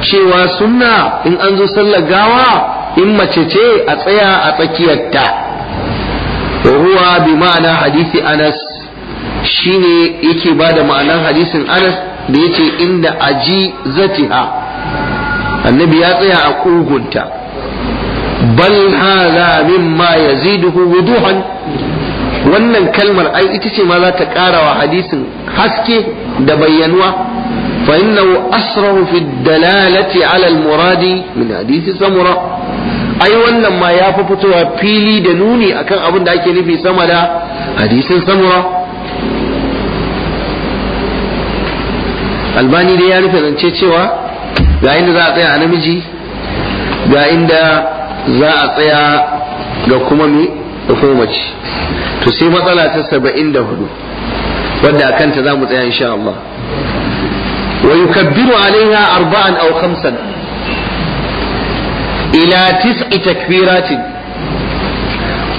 cewa sunna in an zo sallar gawa in mace ce a tsaya a tsakiyarta ruwa bi ma'ana hadisi anas shine yake ba da maanan hadisin anas da yace inda aji zatiha annabi ya tsaya a kugunta bal hadha mimma yaziduhu wuduhan wannan kalmar ai ita ce ma za ta ƙara wa hadisin haske da bayyanuwa fa innahu asrahu fi dalalati ala al muradi min hadisi samura ai wannan ma ya fi fitowa fili da nuni akan abin da ake nufi sama da hadisin samura albani dai ya rufe zance cewa ga inda za a tsaya a namiji ga inda za a tsaya ga kuma mi da kuma mace to sai matsala ta saba'in da hudu wadda a kanta za mu tsaya insha Allah wa yukabbiru alaiha arba'an aw khamsan ila tis'i takbiratin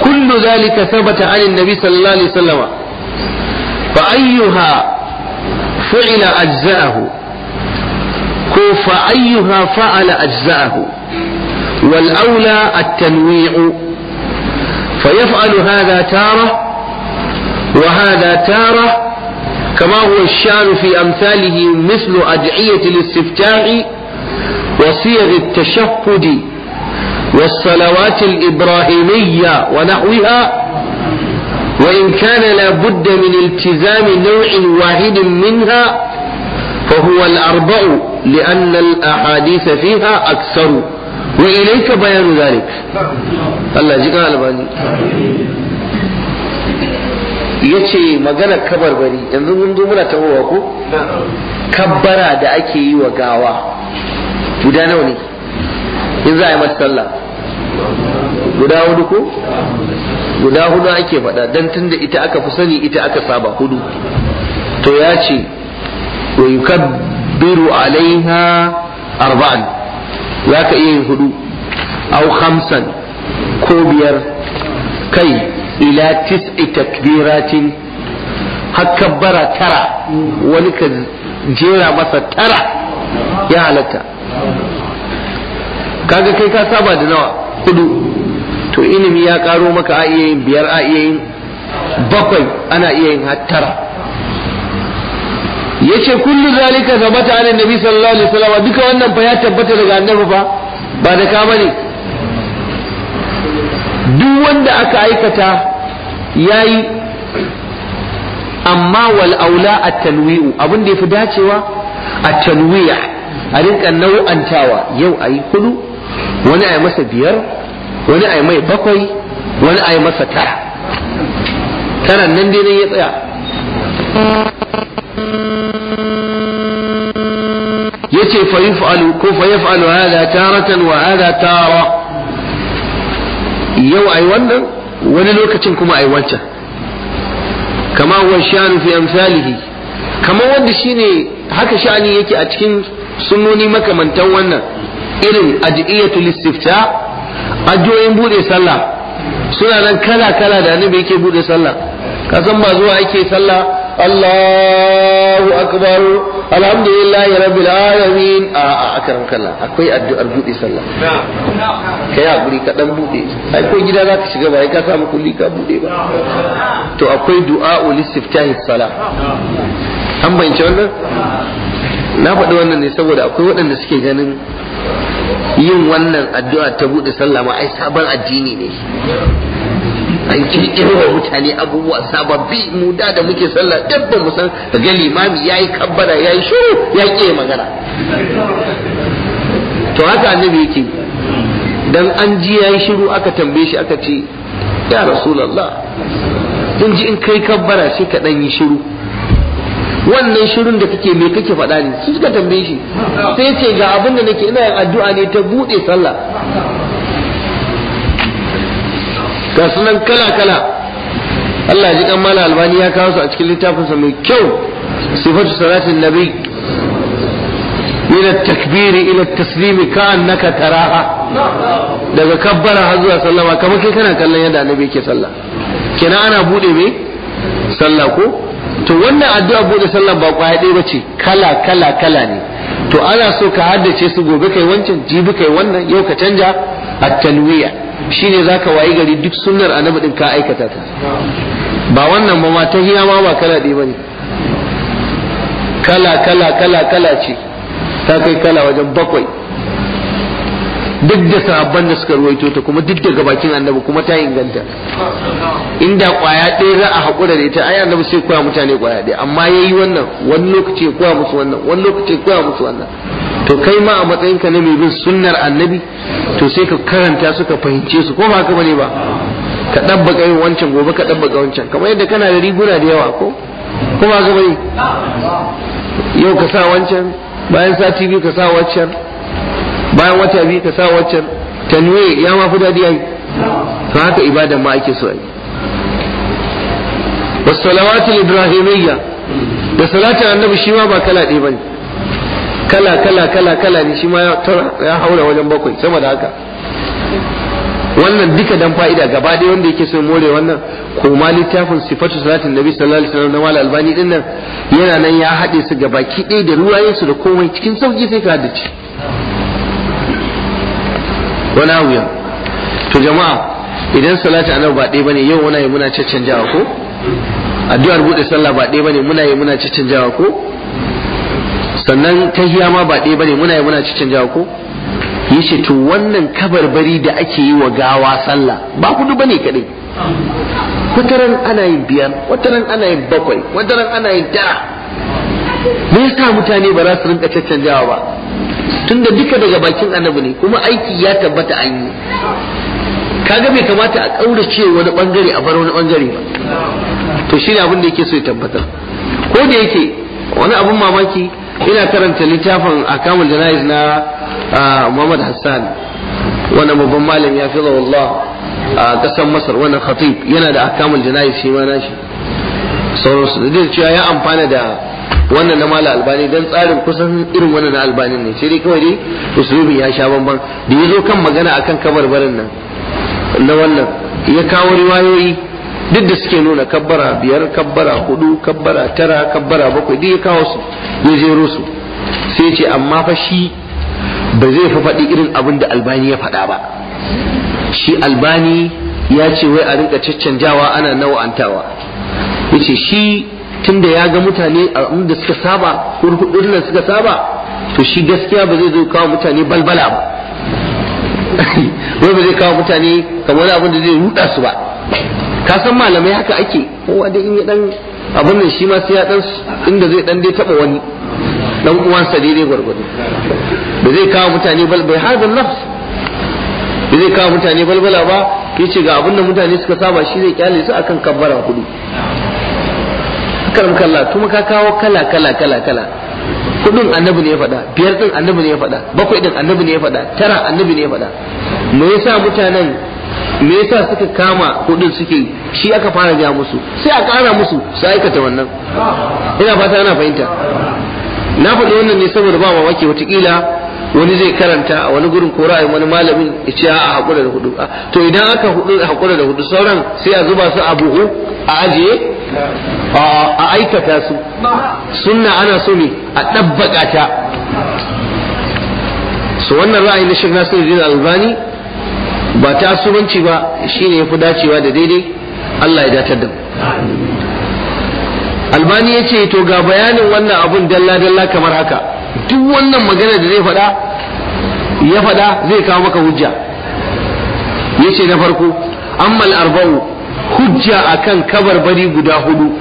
kullu dhalika thabata 'ala an-nabi sallallahu alaihi wasallam fa ayyuha فعل أجزاءه كوف أيها فعل أجزاءه والأولى التنويع فيفعل هذا تارة وهذا تارة كما هو الشان في أمثاله مثل أدعية الاستفتاح وصيغ التشهد والصلوات الإبراهيمية ونحوها وإن كان لابد من التزام نوع واحد منها فهو الأربع لأن الأحاديث فيها أكثر وإليك بيان ذلك الله جيك على بالي يتي مغانا كبر بري يندو من دومنا تغوهكو كبرا دا أكي وقاوا بدانوني إذا أمت الله بدانوني guda hudu ake faɗa dan tunda ita aka fi sani ita aka saba hudu to ya ce wa yukabbiru alaiha arba'an za ka iya yin hudu au hamsan ko biyar kai ila tis'i takbiratin hakabbara tara wani ka jera masa tara ya halatta kaga kai ka saba da nawa hudu to ilimi ya karo maka a iya yin biyar a iya yin bakwai ana iya yin hattara yace kullu zalika zabata an nabi sallallahu alaihi wasallam duka wannan fa ya tabbata daga annabi fa ba da ka bane duk wanda aka aikata yayi amma wal aula at-tanwi'u abun da yafi dacewa a tanwi a rinka nau'antawa yau ayi kudu wani a ayi masa biyar wani a mai bakwai wani a masa tara tara nan dai nan ya tsaya yace fa yaf'alu ko fa yaf'alu da taratan wa da tara yau ai wannan wani lokacin kuma ai wancan kama huwa sha'anu fi amsalihi kamar wanda shine haka sha'ani yake a cikin sunoni makamantan wannan irin adiyatul istifta ajoyin bude sallah suna nan kala kala da annabi yake bude sallah ka san ba zuwa ake sallah Allahu akbar alhamdulillah rabbil alamin a a akaran kala akwai addu'ar bude sallah kai hakuri ka dan bude Akwai gida za ka shiga ba ka samu kulli ka bude ba to akwai du'a listiftahi salah an bayyance wannan na faɗi wannan ne saboda akwai waɗanda suke ganin yin wannan addu'a ta buɗe sallah ma ai sabon addini ne an kirkiro wa mutane abubuwa sababbi mu da da muke sallah ba mu san ga limami yayi kabbara yayi shiru ya ke magana to haka annabi yake dan an ji yayi shiru aka tambaye shi aka ce ya rasulullah in ji in kai kabbara shi ka dan yi shiru wannan shirin da kake me kake faɗa ne su suka tambaye shi sai ce ga abin da nake ina yin addu'a ne ta buɗe sallah ga sunan kala kala Allah ji kan mala albani ya kawo su a cikin littafinsa mai kyau sifatu salatin nabi ila takbiri ila taslimi ka annaka taraha daga kabbara har zuwa sallama kamar kai kana kallon yadda annabi yake sallah kina ana buɗe me sallah ko to wannan addu'a bude sallar ba kwaya ɗaya bace kala kala kala ne to ana so ka haddace su gobe kai wancan jibi kai wannan yau ka canja at talwiya shine zaka wayi gari duk sunnar annabi din ka aikata ta ba wannan ba ma ta hiya ma ba kala ɗaya bane kala kala kala kala ce ta kai kala wajen bakwai duk da sahabban da suka ruwaito ta kuma duk da gabakin annabi kuma ta inganta inda kwaya ɗaya za a haƙura da ita ai annabi sai koya mutane kwaya ɗaya amma yayi wannan wani lokaci koya musu wannan wani lokaci koya musu wannan to kai ma a matsayin ka na mai bin sunnar annabi to sai ka karanta su ka fahimce su ko ba haka bane ba ka ɗabbaka yin wancan gobe ka ɗabbaka wancan kamar yadda kana da riguna da yawa ko ko ba haka bane yau ka sa wancan bayan sati biyu ka sa wancan bayan wata biyu ka sa waccan tanwe ya ma fi dadi ai to haka ibadan ma ake so ai wasalawatul ibrahimiyya da salatin annabi shi ma ba kala ɗaya bane kala kala kala kala ne shi ma ya haura wajen bakwai sama da haka wannan duka dan fa'ida gaba ɗaya wanda yake son more wannan ko ma littafin sifatu salatin nabi sallallahu alaihi wasallam na mal albani din nan yana nan ya haɗe su gaba ki ɗaya da ruwayen su da komai cikin sauki sai ka haddace wani wuyan to jama'a idan salati annabi ba ɗaya bane yau muna yi muna caccanjawa ko addu'ar bude sallah ba ɗaya bane muna yi muna caccanjawa ko sannan tahiya ma ba ɗaya bane muna yi muna caccanjawa ko yace to wannan kabarbari da ake yi wa gawa sallah ba kudu bane kadai wataran ana yin biyar wataran ana yin bakwai wataran ana yin tara me yasa mutane ba za su rinka caccanjawa ba tunda duka daga bakin annabi ne kuma aiki ya tabbata an yi kaga bai kamata a kaurace wani bangare a bar wani bangare ba to ne abin da yake so ya tabbatar ko da yake wani abin mamaki ina karanta littafin akamun janayiz na ah, Muhammad Hassan wannan babban malami ya fi Allah a kasan Masar wani khatib yana da akamul jana'iz shi ma nashi sauransu da cewa ya amfana da wannan na mala albani dan tsarin kusan irin wannan na albani ne sai dai kawai dai usulubin ya sha bamban da ya zo kan magana akan kabarbarin nan na wannan ya kawo riwayoyi duk da suke nuna kabbara biyar kabbara hudu kabbara tara kabbara bakwai duk ya kawo su ya je su sai ce amma fa shi ba zai fa faɗi irin abin da albani ya faɗa ba shi albani ya ce wai a rinka caccanjawa ana nawa'antawa ya ce shi tunda ya ga mutane a inda suka saba hurhudun nan suka saba to shi gaskiya ba zai zo kawo mutane balbala ba wai ba zai kawo mutane kamar abin da zai ruda su ba ka san malamai haka ake kowa da in ya dan abin nan shi ma sai ya dan inda zai dan dai taba wani dan uwansa dai gwargwado ba zai kawo mutane balbala hadan nafs ba zai kawo mutane balbala ba yace ga abin da mutane suka saba shi zai kyale su akan kabbara kudu karam kalla kuma ka kawo kala kala kala kala kudin annabi ne ya faɗa biyar din annabi ne ya faɗa bakwai din annabi ne ya faɗa tara annabi ne ya faɗa me yasa mutanen me yasa suka kama kudin suke shi aka fara ja musu sai a ƙara musu su aikata wannan ina fata ana fahimta na faɗi wannan ne saboda ba mamaki watakila wani zai karanta a wani gurin kora a wani malamin ya ce a haƙura da hudu to idan aka haƙura da hudu sauran sai a zuba su a buhu a ajiye a aikata su Suna ana so ne a ɗabbaka ta su wannan ra'ayi na shirna su zira albani ba ta asubanci ba shine ya fi dacewa da daidai Allah ya datar da albani ya ce to ga bayanin wannan abun dalla-dalla kamar haka duk wannan magana da zai faɗa ya faɗa zai kawo maka hujja yace na farko ammal arba'u hujja akan kabarbari guda hudu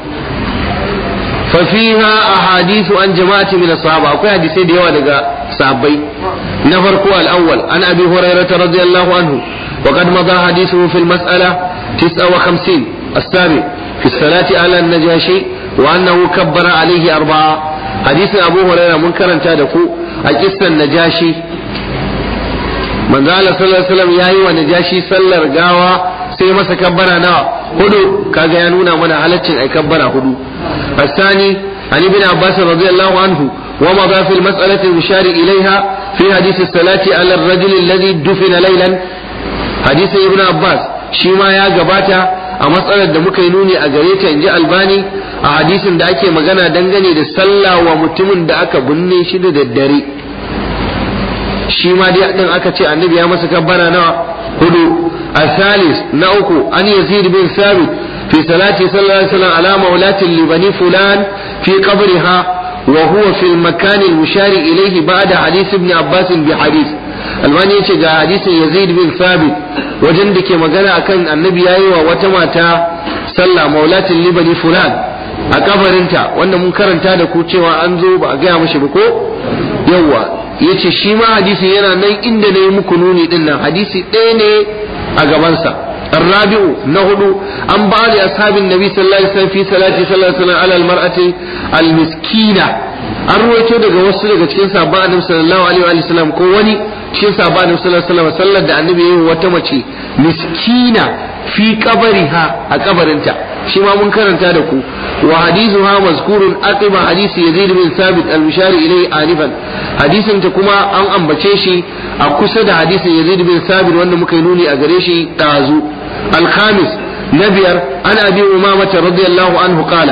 fa fiha ahadithu an jama'ati min sahaba akwai hadisai da yawa daga sahabbai na farko al-awwal an abi hurairah radiyallahu anhu wa qad madha hadithuhu fil mas'ala 59 as-sami fi salati ala an-najashi wa annahu kabbara alayhi arba'a hadisin abu hurairah mun karanta da ku a kissan najashi manzo Allah sallallahu alaihi wasallam yayi wa najashi sallar gawa sai masa kabbara nawa hudu kaga ya nuna mana halaccin ai kabbara hudu asani ani bin abbas radiyallahu anhu ومضى ilaiha fi hadith as-salati ala ar-rajul alladhi dufina laylan hadith ibn abbas shi ma ya gabata a matsalar da muka yi nuni a gare ta inji albani a hadisin da ake magana dangane da sallah wa mutumin da aka binne shi da daddare shi ma dai din aka ce annabi ya masa kabbara nawa hudu الثالث نأكو أن يزيد بن ثابت في صلاة صلى الله عليه وسلم على مولاة لبني فلان في قبرها وهو في mushari المشار إليه بعد Ibn ابن عباس بحديث albani yace ga hadisin yazid bin thabit wajen da ke magana akan annabi yayi wa wata mata sallah maulatin libani fulan a kafarinta wanda mun karanta da ku cewa an zo ba a gaya mishi ba ko yawwa yace shi ma hadisi yana nan inda na yi muku nuni din nan hadisi ɗaya ne a gabansa الرابع نهض عن بعض أصحاب النبي صلى الله عليه وسلم في صلاة صلى الله عليه وسلم على المرأة المسكينة أرويته daga wasu daga cikin sahabban Annabi sallallahu alaihi wa sallam ko wani cikin sahabban Annabi sallallahu alaihi wa sallam sallar da Annabi yayin wata mace miskina fi qabariha a kabarinta shi ma mun karanta da ku wa hadithu ha mazkurun aqiba hadisi yazid bin sabit al-bishari ilai alifan hadisin kuma an ambace shi a kusa da hadisin yazid bin sabit wanda muka yi nuni a gare shi tazu al-khamis نبير عن أبي أمامة رضي الله عنه قال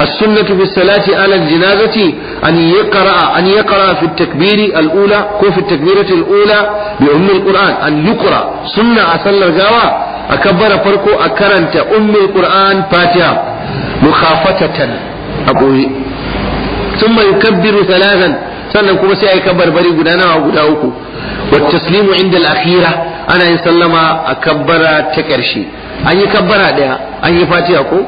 السنة في الصلاة على الجنازة أن يقرأ أن يقرأ في التكبير الأولى كو في التكبيرة الأولى بأم القرآن أن يقرأ سنة أصلى الجواب a kabbara farko a karanta ummul qur'an fatiha mukhafatatan a tun mai kabbiru thalathan sannan kuma sai ayi kabbar bari guda nawa guda uku wa taslimu inda al ana yin sallama a kabbara ta karshe an yi kabbara daya an yi fatiha ko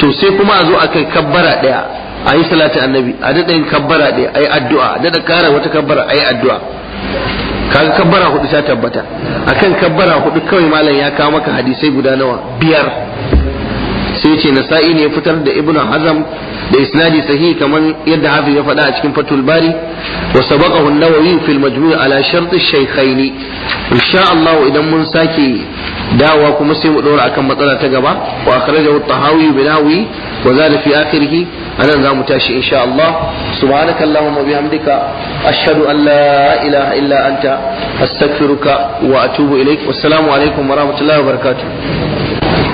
to sai kuma a zo a kai kabbara daya a yi salatin annabi a daɗa yin kabbara daya a addu'a a daɗa kara wata kabbara a addu'a kaga kabbara hudu ta tabbata akan kabbara hudu kawai malam ya kawo maka hadisai guda nawa biyar yace nasa'i ne ya fitar da ibnu hazam da isnadi sahihi kamar yadda hafi ya faɗa a cikin fatul bari wa sabaqahu an-nawawi fi majmu ala shart ash-shaykhayn insha Allah idan mun sake dawa kuma sai mu dora akan matsala ta gaba wa akhrajahu at-tahawi binawi wa zada fi akhirih anan zamu tashi insha Allah subhanaka allahumma bihamdika ashhadu an la ilaha illa anta astaghfiruka wa atubu ilaik wassalamu alaikum wa rahmatullahi wa barakatuh